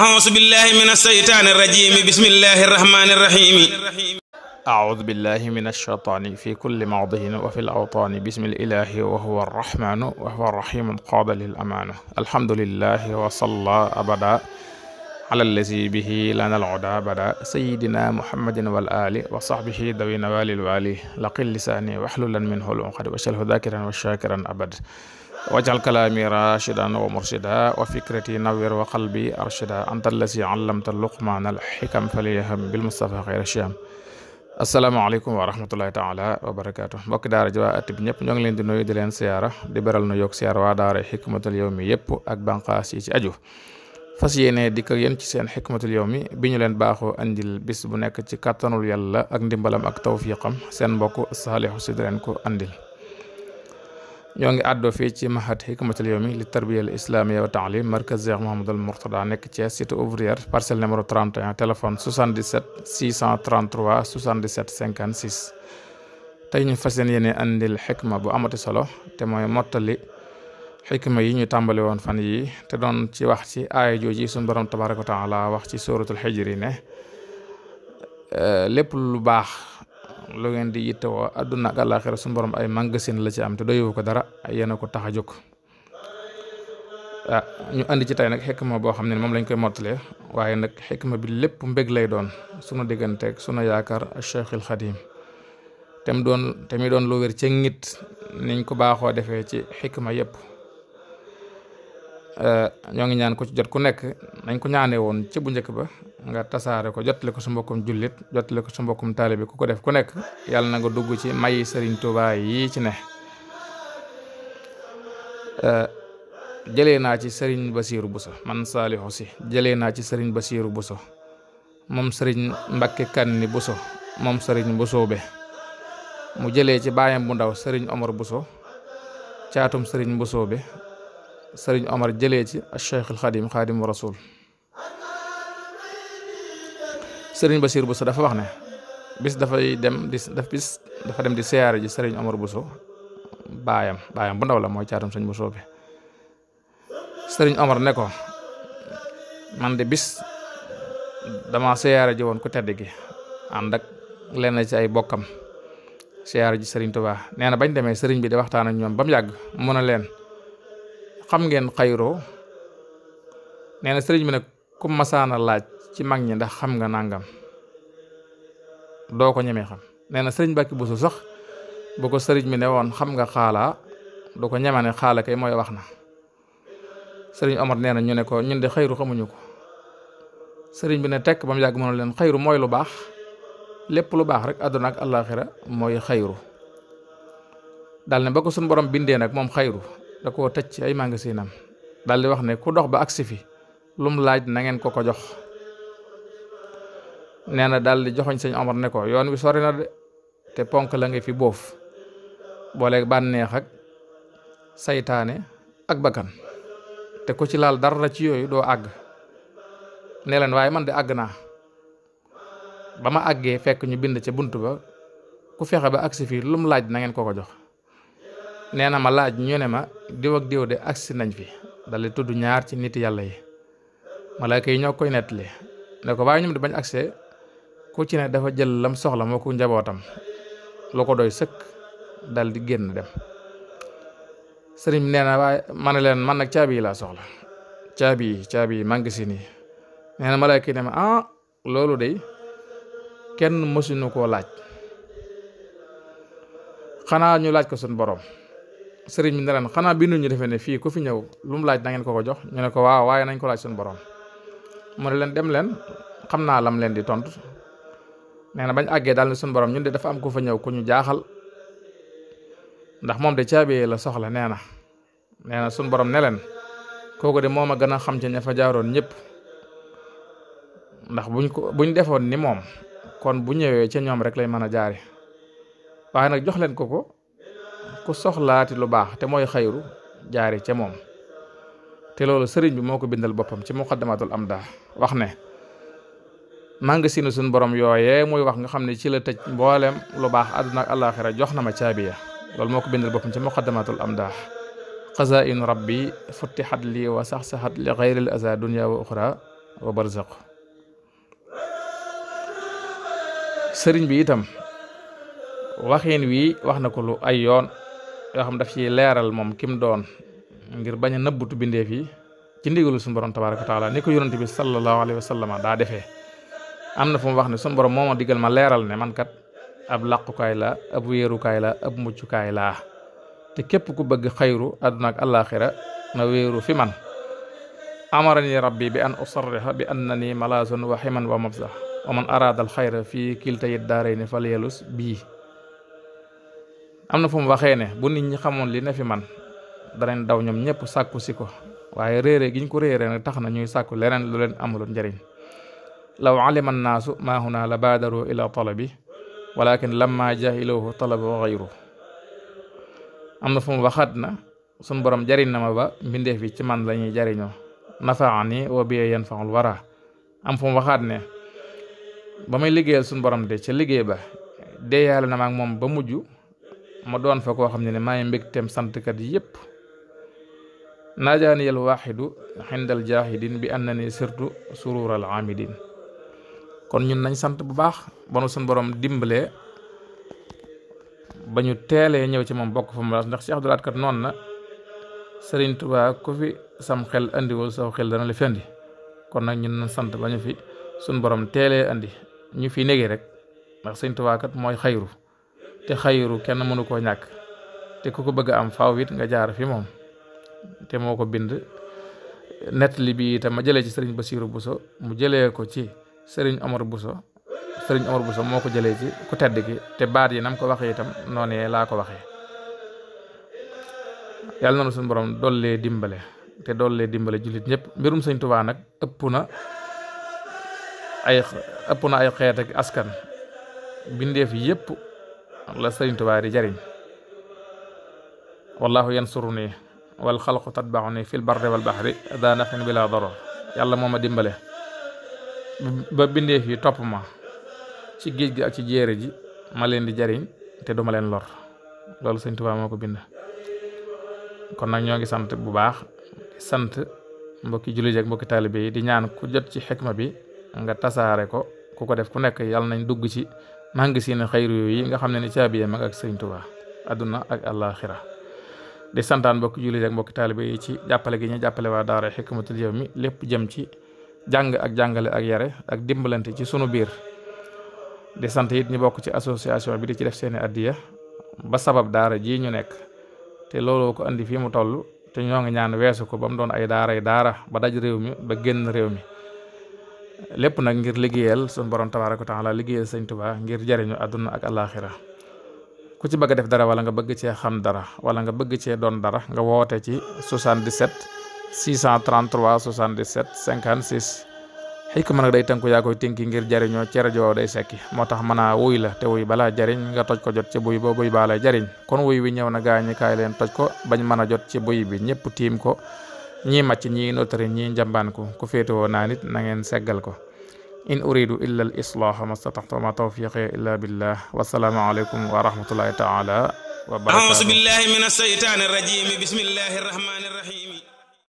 أعوذ بالله من الشيطان الرجيم بسم الله الرحمن الرحيم أعوذ بالله من الشيطان في كل موضع وفي الأوطان بسم الإله وهو الرحمن وهو الرحيم قاد للأمانة الحمد لله وصلى أبدا alallasi bihi lanal oda bada sayidina muhammadin wal ali wa sahbihi dawi nawalil wali laqil lisaani waxlulan min hul unqadi wacalhu dakiran wa shakiran abad wajal kalaami rashidan wa murshida wa fikrati nawir wa qalbi arshida anta allasi allamta luqmaana alxikam falyaham bilmustafa xayra sham asalaamaaleykum wa rahmatullahi taala wa barakaatu mbokki daara ji waa at bi ñëpp ñoo ngi leen di nuyu di leen siyaara di beral nu yokk siyaar waa daara xikmatul yawmi yëpp ak banqaas yi ci aju fas yéene dikk ak yéen ci seen xikmatul yawmi bi ñu leen baaxoo andil bis bu nekk ci kàttanul yàlla ak ndimbalam ak tawfiqam seen mbokk Saliou Sy di leen ko andil ñoo ngi àddoo fi ci mahad xikmatul yawmi li tarbiya al islamiya wa taalim markaz Cheikh Mouhamadou Mourtada nekk Thiès cité ouvrière parcelle numéro 31 téléphone 77 633 77 56 tey ñu fas yéene andil xikma bu amati solo te mooy mottali xikma yi ñu tàmbali woon fan yi te doon ci wax ci aaya jooji suñu borom tabaraka wa taala wax ci suratul xijri ne eh, lépp lu baax lu ngeen di yittewoo àdduna ak àllaaxira suñu borom ay magasin la ci am te doyoo ko dara yéen a ko tax a jóg ah, ñu andi ci tey nag xikma boo xam ne moom lañ koy mottalee waaye nag xikma bi lépp mbég lay doon sunu digganteeg sunu yaakaar Cheikhul Xadim tem doon te doon lu wér ca ngit niñ ko baaxoo defee ci xikma yëpp Eh, ñoo ngi ñaan ko ci jot ku nekk nañ ko ñaanee woon ci bu njëkk ba nga tasaare ko jotale ko su mbokkum jullit jotale ko su mbokkum taalibe ku ko def ku nekk yàlla na nga dugg ci mayi Serigne Touba yi ci ne eh, jëlee naa ci Serigne Bassirou Bousso man Salihu si jëlee naa ci Serigne Bassirou Bousso moom sëriñ Mbacké Kanni Bousso moom Serigne Bousso be mu jëlee ci baayam bu ndaw Serigne Omar Bousso caatum Serigne Bousso be sëriñ Omar jëlee ci Cheikhul Xadim Xadimu Rasul sëriñ Basiir Bousso dafa wax ne bis dafay dem di daf bis dafa dem di siyaare ji sëriñ Omar bu Bousso baayam baayam bu ndaw la mooy caatam sëñ bu soo bi sëriñ Omar ne ko man de bis dama siyaare ji woon ku tedd gi ànd ak lenn ci ay bokkam siyaare ji sëriñ Tuubaa nee na bañ demee sëriñ bi di waxtaan ak ñoom ba mu yàgg mun a leen. xam ngeen xayroo neena sëriñ bi ne ku masaana laaj ci mag ñi ndax xam nga nàngam doo ko ñemee xam nee na sëriñ Mbàkke Buso sax boo ko sëriñ bi ne woon xam nga xaalaa doo ko ñeme ne xaala kay mooy wax na sëriñ Omar nee na ñu ne ko ñun de xayru xamuñu ko sëriñ bi ne tekk ba mu yàgg mënu leen xayru mooy lu baax lépp lu baax rek àdduna ak àllaaxira mooy xayru dal ne ba ko suñu borom bindee nag moom xayru da koo tëj ci ay magasinam daal di wax ne ku dox ba agsi fi lum laaj nangeen ko ko jox nee na daal di joxoñ sëñ Omar ne ko yoon wi sori na de te ponk la nga fi boof booleeg bànneex ak saytaane ak bakkan te ku ci laal dara ci yooyu doo àgg ne leen waaye man de àgg naa ba ma àggee fekk ñu bind ca bunt ba ku fexe ba agsi fii lum laaj na ngeen ko ko jox nee na ma laaj ñu ne ma diw ak diw de agsi nañ fi daldi tudd ñaar ci nit yàlla yi malaaka yi ñoo koy nettali ne ko waaye ñoom di bañ agsee ku ci ne dafa jël lam soxla moo ku njabootam lu ko doy sëkk daldi génn dem sëriñ bi nee na waaye ma ne leen man nag caabi yi laa soxla caabi yi caabi yi maa si nii nee na malaaka yi ne ma ah loolu de kenn mësuñu koo laaj xanaa ñu laaj ko suñ boroom sëriñ bi ne leen xanaa bindu ñu defee ne fii ku fi ñëw lu mu laaj na ngeen ko ko jox ñu ne ko waaw waaye nañ ko laaj suñu borom mu ne leen dem leen xam naa lam leen di tontu nee na bañ àggee daal ne suñu borom ñun de dafa am ko fa ñëw ku ñu jaaxal ndax moom de caabi la soxla nee na nee na suñu borom ne leen kooku de moom a gën a xam ci ña fa jaaroon ñëpp ndax buñ ko buñ defoon ni moom kon bu ñëwee ca ñoom rek lay mën a jaari waaye nag jox leen ko ko ku soxlaati lu baax te mooy xayru jaari ca moom te loolu sëriñ bi moo ko bindal boppam ci muqaddamatul am daa wax ne mangasinu suñ borom yooyee muy wax nga xam ne ci la tëj mboolem lu baax àdduna ak àllaaxira jox na ma caabiya lool moo ko bindal boppam ci muqaddamatul am daa xazainu rabbi futtixat lii wa sax-saxat li xayril aza dunya wa uxra wa barzaq sëriñ bi itam waxin wi wax na ko lu ay yoon yoo xam daf ci leeral moom kim doon ngir bañ a nëbbutu bindeef yi ci ndigalul suñu borom tabaaraka wa taala ni ko yonent bi sallallahu alayhi wa sallam daa defee am na fu mu wax ne suñu borom moo ma digal ma leeral ne man kat ab làqukaay la ab wéerukaay la ab muccukaay laa te képp ku bëgg xayru àdduna ak àllaaxira na wéeru fi man amarani rabbi bi an usarriha bi annani malaasun wa himan wa mabsa wa man araada al xayra fii kiltayit daarayni falyelus bii am na fu mu waxee ne bu nit ñi xamoon li ne fi man danañ daw ñoom ñëpp sàkku si ko waaye réere gi ñu ko réere nag tax na ñuy sàkku leneen lu leen amuloon njëriñ law alima annaasu maa naa la baadaru ila talabi walakin lamma jahiluhu talabu xayru am na fu mu waxaat na suñ borom jariñ na ma ba mbindeef yi ci man la ñuy jariñoo nafaani wa biye yan faxul wara am fu mu waxaat ne ba may liggéeyal suñ borom de ca liggéey ba deeyaale na ma ak moom ba mujj ma doon fa koo xam ne ne maay mbégteem santkat yépp naajaani yal waaxidu xindal jaahidin bi ànd na ni surtout surural amidin kon ñun nañ sant bu baax ba nu suñ borom dimbalee ba ñu teelee ñëw ci moom mbokk fa mu ndax Cheikh Abdoul Ahad kat na Sëriñ Tuubaa ku fi sam xel andiwul saw xel dana la fi kon nag ñun nañ sant ba ñu fi suñ borom teelee indi ñu fi négee rek ndax Sëriñ Tuubaa mooy xayru te xayru kenn mënu koo ñàkk te ku ko bëgg am faw it nga jaar fi moom te moo ko bind nettali bi itam ma jëlee ci sëriñ Basiiru Buso mu jële ko ci sëriñ Omar Buso sëriñ Omar Buso moo ko jëlee ci ku tedd gi te baat yi nam ko waxee itam noonee laa ko waxee yàlla na nu suñu borom dollee dimbale te dollee dimbale jullit ñëpp mbirum sëñ Tuubaa nag ëpp na ay ëpp na xeet ak askan bindeef yëpp la sëriñ Tuubaa di jariñ wallahu yansuru nii wal xalqu tatbaxu nii fil barri wal baxri daa nafin bi laa doro yàlla moo ma dimbale ba bindee fi topp ma ci géej gi ak ci jéere ji ma leen di jariñ te duma leen lor loolu sëriñ Tuubaa moo ko bind kon nag ñoo ngi sant bu baax sant mbokki jullit ak mbokki taalibe yi di ñaan ku jot ci xikma bi nga tasaare ko ku ko def ku nekk yàlla nañ dugg ci maa ngi seen xayru yooyu nga xam ne ni caabi mag ak sëriñ Tuubaa adduna ak àllaaxira di santaan mbokki jullit ak mbokki taalibe yi ci jàppale gi ñu jàppale waa daara Hikmatul mi lépp jëm ci jàng ak jàngale ak yare ak dimbalante ci sunu biir di sant it ñu bokk ci association bi di ci def seeni addiya ba sabab daara jii ñu nekk te looloo ko indi fii mu toll te ñoo ngi ñaan weesu ko ba doon ay daaray daara ba daj réew mi ba génn réew mi lépp nag ngir liggéeyal sun borom tabaaraka wa taala liggéeyal sëñ Tuubaa ngir jariñu àdduna ak àllaaxira ku ci bëgg def dara wala nga bëgg cee xam dara wala nga bëgg cee doon dara nga woote ci 77 633 77 56 xikma nag day tënku yaa koy tënki ngir jariñoo ci rajo day sekki moo tax mën a wuy la te wuy balaa jariñ nga toj ko jot ci buy ba buy baala jariñ kon wuy wi ñëw na gaañi leen toj ko bañ mën a jot ci buy bi ñëpp tiim ko ñii màcc ñii notari ñii njambaan ko ku féetewoo naa nit na ngeen seggal ko in uridu illa al islaaha mastataxtu wa ma tawfiqi illa billah wasalaamu aleykum wa rahmatullahi taala wa barakaatu auzu billahi min asheytaani rajim bismillahi rahmani rahim